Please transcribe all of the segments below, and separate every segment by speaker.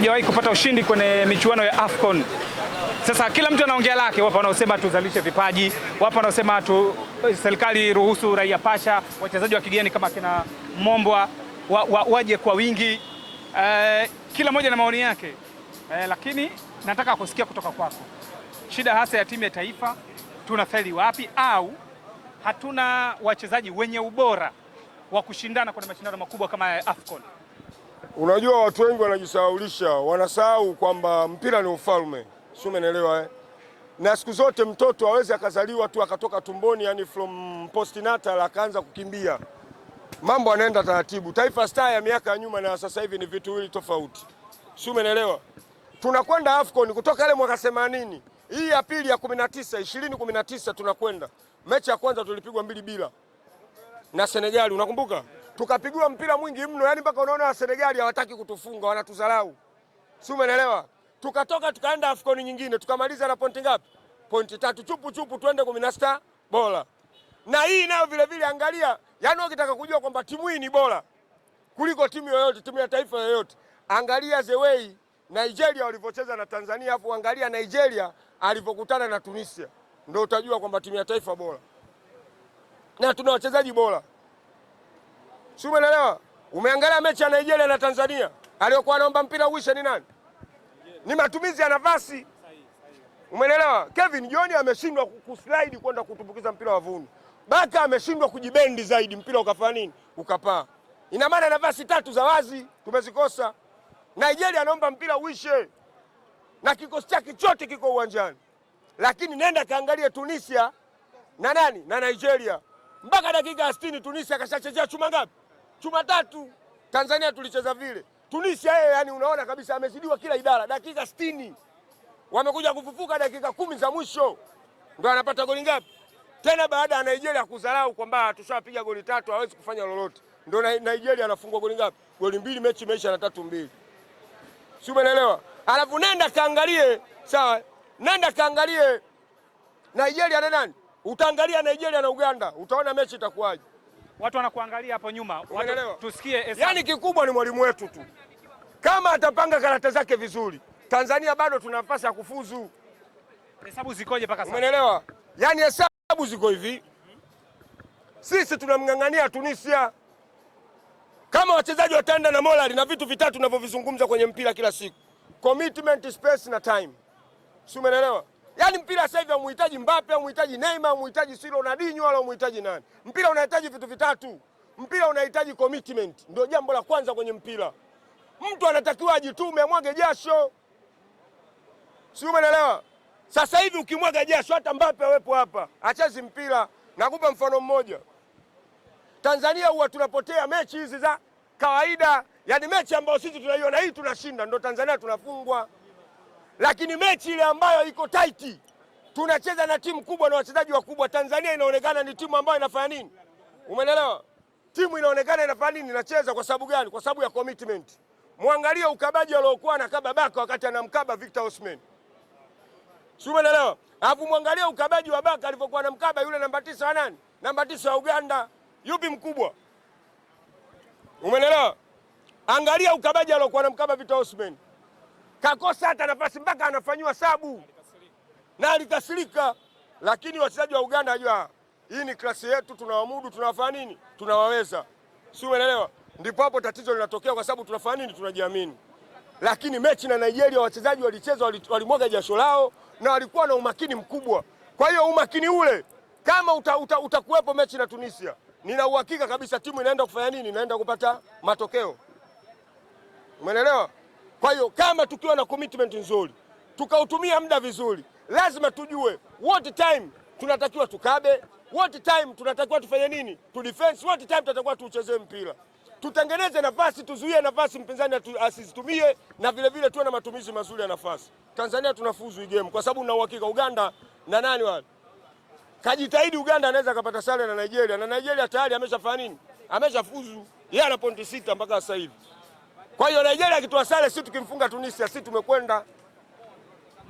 Speaker 1: hatujawahi kupata ushindi kwenye michuano ya AFCON. Sasa kila mtu anaongea lake, wapo wanaosema tuzalishe vipaji, wapo wanaosema tu eh, serikali ruhusu raia pasha, wachezaji wa kigeni kama kina Mombwa wa, wa, waje kwa wingi eh, kila mmoja na maoni yake eh, lakini nataka kusikia kutoka kwako, shida hasa ya timu ya taifa tuna feli wapi, au hatuna wachezaji wenye ubora wa kushindana kwenye mashindano makubwa kama ya AFCON?
Speaker 2: Unajua, watu wengi wanajisahaulisha, wanasahau kwamba mpira ni ufalme, si umeelewa eh? Na siku zote mtoto awezi akazaliwa tu akatoka tumboni, yani from postnatal akaanza kukimbia, mambo anaenda taratibu. Taifa Star ya miaka ya nyuma na sasa hivi ni vitu viwili tofauti, si umeelewa? Tunakwenda AFCON kutoka ile mwaka 80 hii ya pili ya 19 20 19 tunakwenda. Mechi ya kwanza tulipigwa mbili bila na Senegali, unakumbuka? tukapigiwa mpira mwingi mno, yani mpaka unaona wa Wasenegali hawataki kutufunga, wanatuzalau, si umeelewa? Tukatoka tukaenda Afcon nyingine tukamaliza na pointi ngapi? Pointi tatu chupu chupu, twende kumi na sita bora. Na hii nayo vile vile, angalia, yani ukitaka kujua kwamba timu hii ni bora kuliko timu yoyote, timu ya taifa yoyote, angalia the way Nigeria walivyocheza na Tanzania, afu angalia Nigeria alivyokutana na Tunisia, ndio utajua kwamba timu ya taifa bora na tuna wachezaji bora si umeelewa? Umeangalia mechi ya Nigeria na Tanzania, aliyokuwa anaomba mpira uishe ni nani? Ni matumizi ya nafasi, umeelewa? Kevin John ameshindwa kuslide kwenda kutumbukiza mpira wa vuni. Baka ameshindwa kujibendi zaidi, mpira ukafanya nini? Ukapaa. Ina maana nafasi tatu za wazi tumezikosa. Nigeria anaomba mpira uishe na kikosi chake chote kiko uwanjani, lakini nenda kaangalie Tunisia na nani na Nigeria, mpaka dakika 60 Tunisia kashachezea chuma ngapi? chuma tatu. Tanzania tulicheza vile. Tunisia yeye, yani unaona kabisa amezidiwa kila idara. Dakika 60 wamekuja kufufuka dakika kumi za mwisho ndio anapata goli ngapi tena, baada ya Nigeria kudharau kwamba tushapiga goli tatu, hawezi kufanya lolote, ndio Nigeria anafungwa goli ngapi? Goli mbili, mechi imeisha na tatu mbili, si umeelewa? Alafu nenda kaangalie, sawa, nenda kaangalie Nigeria na nani, utaangalia Nigeria na Uganda, utaona mechi itakuwaje
Speaker 1: watu wanakuangalia hapo nyuma, tusikie.
Speaker 2: Yani kikubwa ni mwalimu wetu tu, kama atapanga karata zake vizuri, Tanzania bado tuna nafasi ya kufuzu.
Speaker 1: Hesabu zikoje mpaka sasa?
Speaker 2: Umeelewa? Yani hesabu ziko hivi, sisi tunamng'ang'ania Tunisia. Kama wachezaji wataenda na morali na vitu vitatu tunavyovizungumza kwenye mpira kila siku, commitment, space na time, si umeelewa? Yaani mpira sasa hivi hamuhitaji Mbappe, hamuhitaji Neymar, hamuhitaji si Ronaldinho wala hamuhitaji nani. Mpira unahitaji vitu vitatu. Mpira unahitaji commitment. Ndio jambo la kwanza kwenye mpira. Mtu anatakiwa ajitume, amwage jasho. Si umeelewa? Sasa hivi ukimwaga jasho hata Mbappe awepo hapa, achezi mpira. Nakupa mfano mmoja. Tanzania huwa tunapotea mechi hizi za kawaida, yaani mechi ambayo sisi tunaiona hii tunashinda, ndio Tanzania tunafungwa lakini mechi ile ambayo iko taiti, tunacheza na timu kubwa na wachezaji wakubwa. Tanzania inaonekana ni timu ambayo inafanya nini, umeelewa? Timu inaonekana inafanya nini, inacheza kwa sababu gani? Kwa sababu ya commitment. Mwangalie ukabaji aliokuwa na kaba Baka wakati anamkaba Victor Osman, si umeelewa? Alafu mwangalie ukabaji wa Baka alivyokuwa na mkaba yule namba tisa wa nani, namba tisa wa Uganda, yupi mkubwa? Umeelewa? Angalia ukabaji aliokuwa na mkaba Victor Osman kakosa hata nafasi mpaka anafanyiwa sabu na alikasirika. Lakini wachezaji wa Uganda wajua hii ni klasi yetu, tunawamudu, tunawafanya nini, tunawaweza, si umeelewa? Ndipo hapo tatizo linatokea, kwa sababu tunafanya nini, tunajiamini. Lakini mechi na Nigeria wachezaji walicheza, walimwaga jasho lao na walikuwa na umakini mkubwa. Kwa hiyo umakini ule kama utakuwepo uta, uta mechi na Tunisia, nina uhakika kabisa timu inaenda kufanya nini, inaenda kupata matokeo, umeelewa? Kwa hiyo kama tukiwa na commitment nzuri, tukautumia muda vizuri, lazima tujue what time tunatakiwa tukabe, what time tunatakiwa tufanye nini, tu defense, what time tunatakiwa tuuchezee mpira, tutengeneze nafasi, tuzuie nafasi mpinzani asizitumie, na vile vile tuwe na matumizi mazuri ya nafasi. Tanzania tunafuzu hii game kwa sababu na uhakika Uganda na nani wale kajitahidi Uganda anaweza akapata sare na Nigeria, na Nigeria tayari ameshafanya nini? Ameshafuzu. Yeye ana pointi sita mpaka sasa hivi. Kwa hiyo Nigeria akitoa sare, sisi tukimfunga Tunisia, sisi tumekwenda.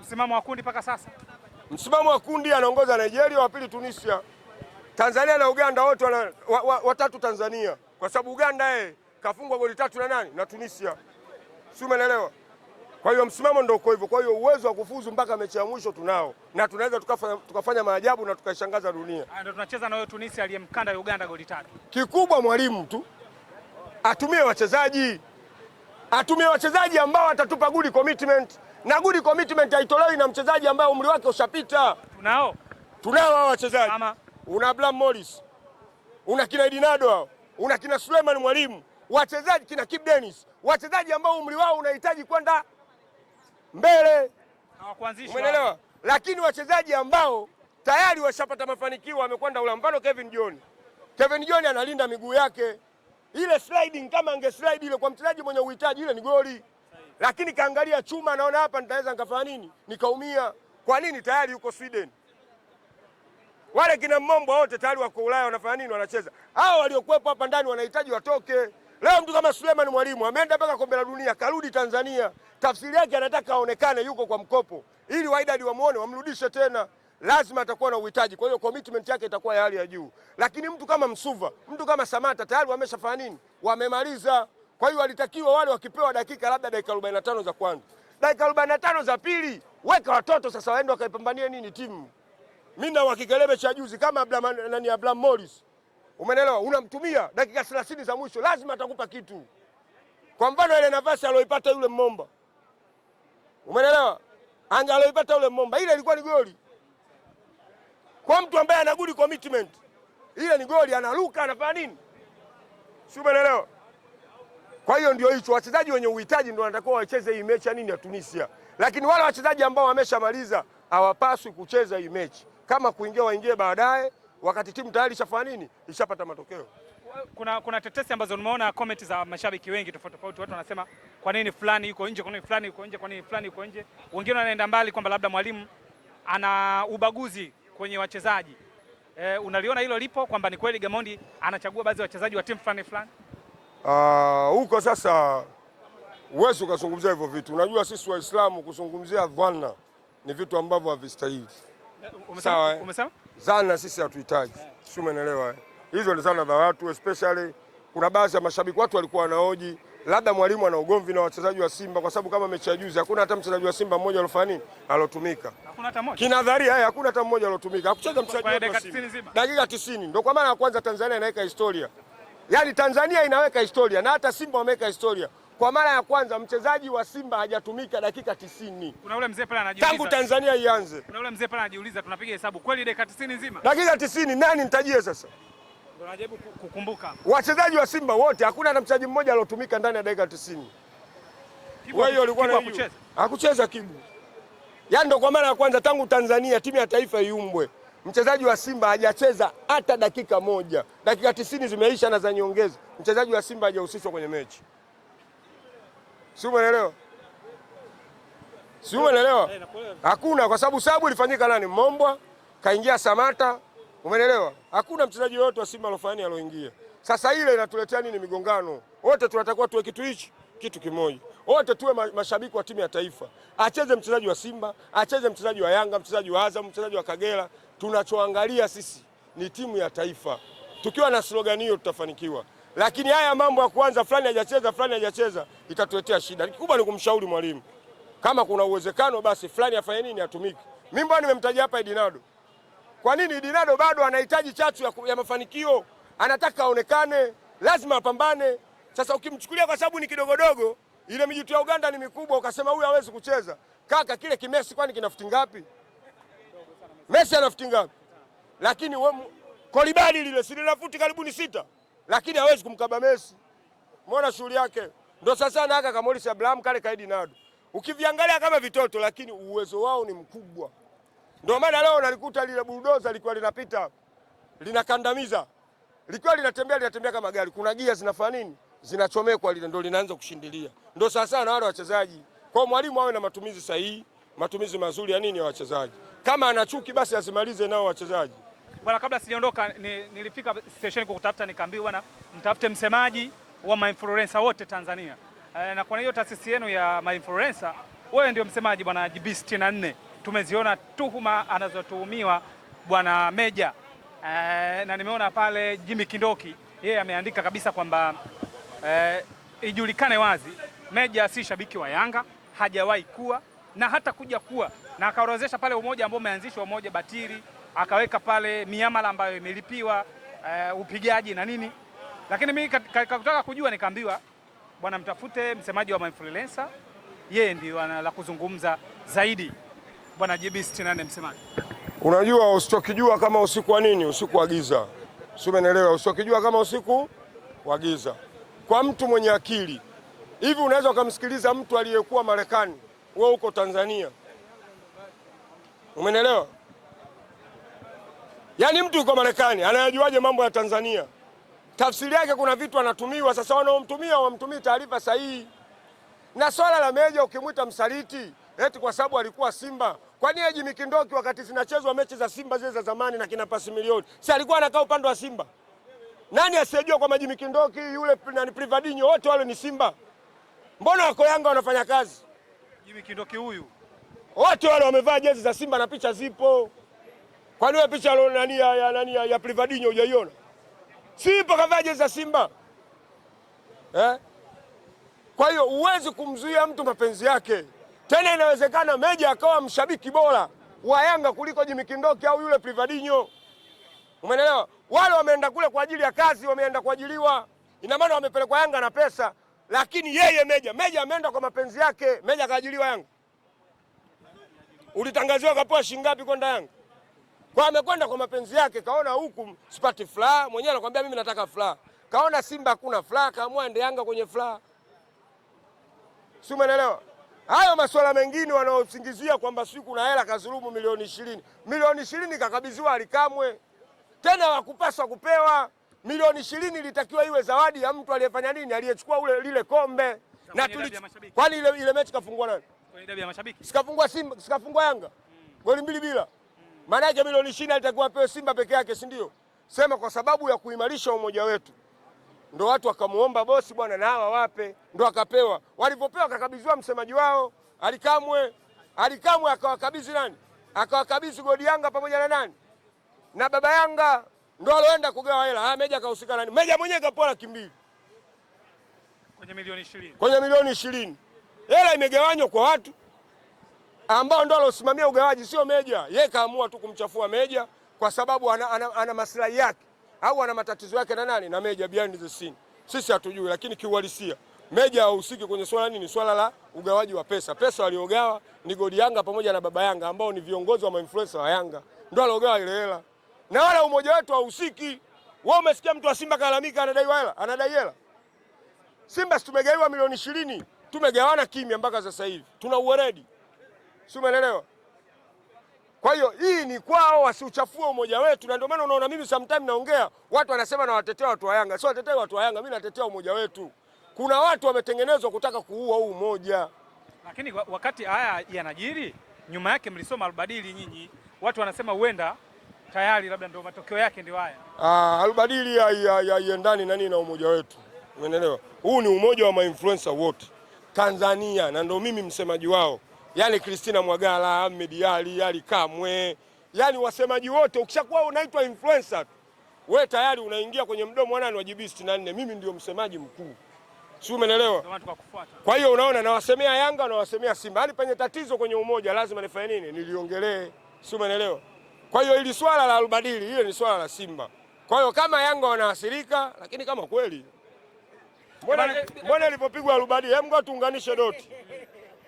Speaker 1: Msimamo wa kundi mpaka sasa,
Speaker 2: msimamo wa kundi anaongoza Nigeria, wa pili Tunisia, Tanzania na Uganda wote watatu wa, wa, Tanzania kwa sababu Uganda yeye eh, kafungwa goli tatu na nani na Tunisia, si umeelewa? Kwa hiyo msimamo ndio uko hivyo. Kwa hiyo uwezo wa kufuzu mpaka mechi ya mwisho tunao na tunaweza tukafanya, tukafanya maajabu na tukaishangaza dunia.
Speaker 1: Ndio tunacheza na Tunisia aliyemkanda Uganda goli tatu.
Speaker 2: Kikubwa mwalimu tu atumie wachezaji atumie wachezaji ambao watatupa good commitment, na good commitment haitolewi na mchezaji ambaye umri wake ushapita. Tunao, tunao hao wachezaji. Una Abraham Morris, una kina Edinado hao, una kina Suleiman Mwalimu, wachezaji kina Kip Dennis, wachezaji ambao umri wao unahitaji kwenda mbele, umeelewa? Lakini wachezaji ambao tayari washapata mafanikio wamekwenda ule, mfano Kevin John. Kevin John analinda miguu yake ile sliding kama ange slide ile kwa mchezaji mwenye uhitaji ile ni goli, lakini kaangalia chuma, naona hapa nitaweza nikafanya nini, nikaumia. Kwa nini? Tayari yuko Sweden, wale kina Mmombo wote tayari wako Ulaya, wanafanya nini? Wanacheza. Hao waliokuwepo hapa ndani wanahitaji watoke. Leo mtu kama Suleiman Mwalimu ameenda mpaka kombe la dunia, karudi Tanzania, tafsiri yake anataka aonekane yuko kwa mkopo, ili waidadi wamuone, wamrudishe tena lazima atakuwa na uhitaji, kwa hiyo commitment yake itakuwa ya hali ya juu. Lakini mtu kama Msuva, mtu kama Samata tayari wameshafanya nini? Wamemaliza. Kwa hiyo walitakiwa wale wakipewa dakika labda dakika 45 za kwanza, dakika 45 za pili, weka watoto sasa waende wakaipambanie nini timu. Mimi na wakikelebe cha juzi kama Abraham nani Abraham Morris, umeelewa? Unamtumia dakika 30 za mwisho, lazima atakupa kitu. Kwa mfano ile nafasi aliyoipata yule Mmomba, umeelewa? Anga aliyoipata yule Mmomba, ile ilikuwa ni goli. Kwa mtu ambaye ana good commitment, ile ni goli, anaruka anafanya nini, si umeelewa? Kwa hiyo ndio hicho, wachezaji wenye uhitaji ndio wanatakiwa wacheze hii mechi ya yaani nini ya Tunisia, lakini wale wachezaji ambao wameshamaliza hawapaswi kucheza hii mechi. Kama kuingia waingie baadaye, wakati timu tayari ishafanya nini, ishapata matokeo.
Speaker 1: Kuna, kuna tetesi ambazo nimeona comment za mashabiki wengi tofauti tofauti, watu wanasema kwa nini fulani yuko nje, kwa nini fulani yuko nje, kwa nini fulani yuko nje. Wengine wanaenda mbali kwamba labda mwalimu ana ubaguzi kwenye wachezaji e, unaliona hilo lipo kwamba ni kweli Gamondi anachagua baadhi ya wachezaji wa timu fulani fulani
Speaker 2: ah, huko? Uh, sasa huwezi ukazungumzia hivyo vitu. Unajua sisi Waislamu kuzungumzia dhana ni vitu ambavyo havistahili.
Speaker 1: Eh, Sawa, eh? umesema
Speaker 2: zana sisi hatuhitaji, si umeelewa? Hizo ni zana za watu, especially kuna baadhi ya mashabiki watu walikuwa wanaoji labda mwalimu ana ugomvi na wachezaji wa Simba kwa sababu kama mechi ya juzi hakuna hata mchezaji wa Simba mmoja alofanya nini, alotumika. Hakuna hata mmoja. Kinadharia haya eh, hakuna hata mmoja alotumika. Hakucheza mchezaji wa Simba. Dakika 90 ndio kwa maana ya kwanza Tanzania inaweka historia. Yaani Tanzania inaweka historia na hata Simba wameweka historia. Kwa mara ya kwanza mchezaji wa Simba hajatumika dakika 90. Kuna
Speaker 1: yule mzee pale anajiuliza.
Speaker 2: Tangu Tanzania ianze. Kuna
Speaker 1: yule mzee pale anajiuliza tunapiga hesabu kweli dakika 90 nzima? Dakika
Speaker 2: 90 nani nitajie sasa? kukumbuka wachezaji wa Simba wote, hakuna na mchezaji mmoja aliotumika ndani ya dakika 90. Wewe hiyo alikuwa hakucheza, hakucheza Kibu. Yaani ndo kwa mara ya kwanza tangu Tanzania timu ya taifa iumbwe mchezaji wa Simba hajacheza hata dakika moja. Dakika tisini zimeisha na za nyongeza, mchezaji wa Simba hajahusishwa kwenye mechi, si umeelewa? Si umeelewa? Eh, hakuna, kwa sababu sababu ilifanyika nani? Mombwa kaingia Samata Umeelewa? Hakuna mchezaji yoyote wa Simba alofanya aloingia. Sasa ile inatuletea nini migongano? Wote tunatakiwa tuwe kitu hichi, kitu kimoja. Wote tuwe mashabiki wa timu ya taifa. Acheze mchezaji wa Simba, acheze mchezaji wa Yanga, mchezaji wa Azam, mchezaji wa Kagera. Tunachoangalia sisi ni timu ya taifa. Tukiwa na slogan hiyo tutafanikiwa. Lakini haya mambo ya kuanza fulani hajacheza, fulani hajacheza itatuletea shida. Kikubwa ni kumshauri mwalimu. Kama kuna uwezekano basi fulani afanye nini atumike. Mimi bwana nimemtaja hapa Edinado. Kwa nini Dinado bado anahitaji chachu ya, ya mafanikio? Anataka aonekane, lazima apambane. Sasa ukimchukulia kwa sababu ni kidogodogo, ile mijitu ya Uganda ni mikubwa, ukasema huyu hawezi kucheza. Kaka, kile kimesi kwani kina futi ngapi? Messi ana futi ngapi? Lakini kolibali lile si lina futi karibuni sita, lakini hawezi kumkaba Messi. Muona shughuli yake. Ndio sasa na haka kama Abraham kale kaidi nado, Ukiviangalia kama vitoto, lakini uwezo wao ni mkubwa. Ndio maana leo nalikuta lile buldoza lilikuwa linapita linakandamiza, likiwa linatembea linatembea kama gari, kuna gia zinafanya nini, zinachomekwa, lile ndio linaanza kushindilia. Ndio sasa na wale wachezaji kwao, mwalimu awe na matumizi sahihi, matumizi mazuri ya nini ya wachezaji. Kama ana chuki basi asimalize nao wachezaji.
Speaker 1: Bwana, kabla sijaondoka, nilifika station kukutafuta, nikaambiwa bwana, mtafute msemaji wa mainfluencer wote Tanzania, eh, na kwa hiyo taasisi yenu ya mainfluencer, wewe ndio msemaji bwana GB64 tumeziona tuhuma anazotuhumiwa bwana Meja e, na nimeona pale Jimmy Kindoki yeye ameandika kabisa kwamba e, ijulikane wazi Meja si shabiki wa Yanga, hajawahi kuwa na hata kuja kuwa na, akaorozesha pale umoja ambao umeanzishwa, umoja batili, akaweka pale miamala ambayo imelipiwa e, upigaji na nini, lakini mimi kat, kutaka kujua nikaambiwa bwana, mtafute msemaji wa mainfluencer, yeye ndio ana la kuzungumza zaidi. Bwana JB 68 msemaji.
Speaker 2: Unajua usichokijua kama usiku wa nini, usiku wa giza. Sio, umeelewa? Usichokijua kama usiku wa giza. Kwa mtu mwenye akili hivi, unaweza ukamsikiliza mtu aliyekuwa Marekani, wewe uko Tanzania, umeelewa? Yaani mtu yuko Marekani anayajuaje mambo ya Tanzania? Tafsiri yake kuna vitu anatumiwa. Sasa wanaomtumia wamtumii taarifa sahihi. Na swala la Meja ukimwita msaliti eti kwa sababu alikuwa Simba kwa nini Jimmy Kindoki wakati zinachezwa mechi za Simba zile za zamani na kina pasi milioni, si alikuwa anakaa upande wa Simba? Nani asiyejua kwa Jimmy Kindoki yule na ni Privadinho wote wale ni Simba? Mbona wako Yanga wanafanya kazi?
Speaker 1: Jimmy Kindoki huyu.
Speaker 2: Wote wale wamevaa jezi za Simba na picha zipo. Kwa nini picha ya nani ya nani ya Privadinho hujaiona? Simba kavaa jezi za Simba. Eh? Kwa hiyo huwezi kumzuia mtu mapenzi yake. Tena inawezekana Meja akawa mshabiki bora wa Yanga kuliko Jimmy Kindoki au yule Privadinho. Umeelewa? Wale wameenda kule kwa ajili ya kazi, wameenda kuajiliwa. Ina maana wamepelekwa Yanga na pesa, lakini yeye Meja, Meja ameenda kwa mapenzi yake. Meja kaajiliwa Yanga. Ulitangaziwa kapewa shilingi ngapi kwenda Yanga? Kwa amekwenda kwa mapenzi yake, kaona huku sipati furaha, mwenyewe anakuambia mimi nataka furaha. Kaona Simba hakuna furaha, kaamua ende Yanga kwenye furaha. Si umeelewa? Hayo masuala mengine wanaosingizia kwamba si kuna hela kazulumu milioni ishirini, milioni ishirini kakabidhiwa Alikamwe, tena wakupaswa kupewa milioni ishirini. Ilitakiwa iwe zawadi ya mtu aliyefanya nini, aliyechukua ule lile kombe na tuli, kwani ile, ile mechi kafungua nani? Sikafungwa Simba, sikafungua Yanga hmm. goli mbili bila maana yake milioni ishirini alitakiwa apewe Simba peke yake, si ndio? Sema kwa sababu ya kuimarisha umoja wetu ndo watu wakamuomba bosi bwana, na hawa wape, ndo akapewa. Walivyopewa akakabidhiwa msemaji wao Alikamwe. Alikamwe akawakabidhi nani? Akawakabidhi Godi Yanga pamoja na nani na baba Yanga, ndo aloenda kugawa hela. Haya, Meja akahusika nani? Meja mwenyewe kapoa laki mbili
Speaker 1: kwenye milioni ishirini, kwenye
Speaker 2: milioni ishirini. Hela imegawanywa kwa watu ambao ndo alosimamia ugawaji, sio Meja. Yeye kaamua tu kumchafua Meja kwa sababu ana, ana, ana maslahi yake au ana matatizo yake na nani na Meja behind the scene. Sisi hatujui, lakini kiuhalisia Meja hahusiki kwenye swala nini, swala la ugawaji wa pesa. Pesa waliogawa ni Godi Yanga pamoja na Baba Yanga ambao ni viongozi wa mainfluencer wa Yanga, ndio aliogawa ile hela, na wala umoja wetu hahusiki. Wewe umesikia mtu wa Simba kalalamika anadaiwa hela, anadai hela. Simba si milioni ishirini, tumegawana kimya mpaka sasa hivi, tuna uweredi, si umeelewa? Kwa hiyo hii ni kwao, wasiuchafue umoja wetu, na ndio maana unaona mimi sometimes naongea, watu wanasema nawatetea watu wa Yanga. Sio watetea watu wa Yanga, mimi natetea umoja wetu. Kuna watu wametengenezwa kutaka kuua huu umoja,
Speaker 1: lakini wakati haya yanajiri, nyuma yake mlisoma albadili nyinyi. Watu wanasema huenda tayari labda ndio matokeo yake ndio haya.
Speaker 2: Ah, albadili haiendani nani na umoja wetu, umeelewa? Huu ni umoja wa mainfluencer wote Tanzania, na ndio mimi msemaji wao yani Christina Mwagala, Ahmed Ally, Ali Kamwe, yani wasemaji wote. Ukishakuwa unaitwa influencer wewe tayari unaingia kwenye mdomo wana wajibi 64 mimi ndio msemaji mkuu, si umeelewa? Kwa hiyo unaona, nawasemea Yanga wasemea Simba, hali yaani penye tatizo kwenye umoja lazima nifanye nini? Niliongelee, si umeelewa? Kwa hiyo ili swala la albadili hiyo ni swala la Simba. Kwa hiyo kama Yanga wanaathirika, lakini kama kweli, mbona ilipopigwa albadili, hebu tuunganishe doti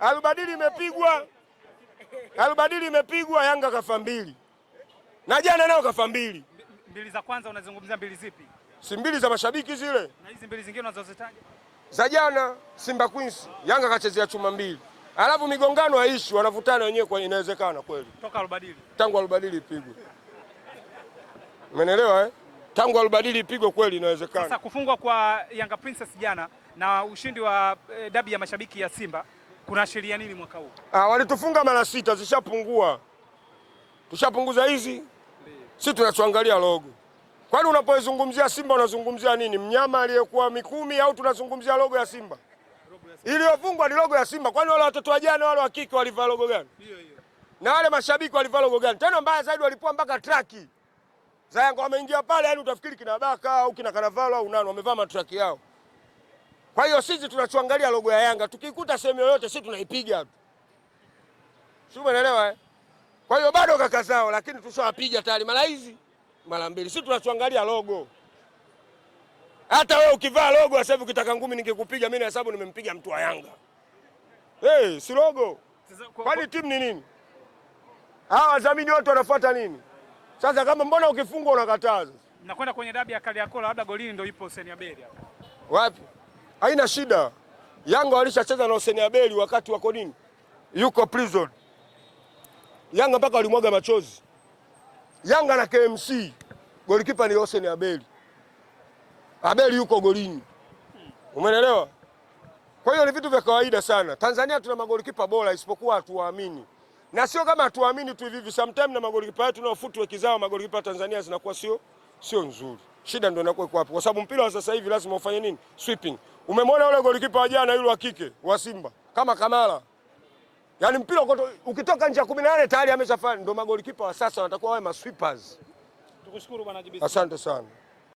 Speaker 2: Alubadili imepigwa, Alubadili imepigwa, Yanga kafa mbili na jana nao kafa mbili.
Speaker 1: Mbili za kwanza unazungumzia mbili zipi?
Speaker 2: Si mbili za mashabiki zile, na
Speaker 1: hizi mbili zingine unazozitaja
Speaker 2: za jana. Simba Queens Yanga kachezea chuma mbili, alafu migongano haishi, wanavutana wenyewe kwa, inawezekana kweli
Speaker 1: toka Alubadili, tangu
Speaker 2: Alubadili ipigwe umeelewa eh? tangu Alubadili ipigwe kweli inawezekana. Sasa
Speaker 1: kufungwa kwa Yanga Princess jana na ushindi wa eh, dabi ya mashabiki ya Simba kuna sheria nini mwaka huu?
Speaker 2: Ah, walitufunga mara sita, zishapungua, tushapunguza hizi. Sisi tunachoangalia logo. Kwani unapoizungumzia Simba unazungumzia nini? Mnyama aliyekuwa Mikumi au tunazungumzia logo ya Simba? Iliyofungwa ni logo ya Simba. Kwani wale watoto jana wale wa kike walivaa logo gani? Hiyo hiyo. Na wale mashabiki walivaa logo gani? Tena mbaya zaidi walipoa mpaka traki za wameingia pale, yani utafikiri kina Baka au kina Karavalo au nani wamevaa matraki yao. Kwa hiyo sisi tunachoangalia logo ya Yanga, tukikuta sehemu yoyote sisi tunaipiga tu, si umeelewa eh? Kwa hiyo bado kaka zao, lakini tushawapiga tayari mara hizi mara mbili. Sisi tunachoangalia logo. Hata wewe ukivaa logo sasa hivi ukitaka ngumi ningekupiga mimi, na hesabu nimempiga mtu wa Yanga. Hey, si logo. Kwani timu ni nini? Hawa wadhamini wote wanafuata nini? Sasa kama mbona ukifungwa unakataza?
Speaker 1: Nakwenda kwenye dabi ya Kariakoo labda golini ndio ipo Senia Beria.
Speaker 2: Wapi? haina shida. Yanga walishacheza na Hussein Abeli wakati wako nini, yuko prison. Yanga mpaka walimwaga machozi. Yanga na KMC, golikipa ni Hussein Abeli. Abeli yuko golini, umeelewa? Kwa hiyo ni vitu vya kawaida sana. Tanzania tuna magolikipa bora, isipokuwa hatuwaamini na sio kama hatuamini tu hivi hivi, sometimes na magolikipa yetu na footwork wakizao magolikipa Tanzania zinakuwa sio sio nzuri. Shida ndio inakuwa iko hapo, kwa sababu mpira wa sasa hivi lazima ufanye nini? Sweeping. Umemwona yule golikipa wa jana yule wa kike wa Simba kama Kamara. Yaani mpira ukoto, ukitoka nje ya 18 tayari ameshafanya. Ndio magolikipa wa sasa wanatakuwa wawe maswipers.
Speaker 1: Tukushukuru bwana Jibisi. Asante sana.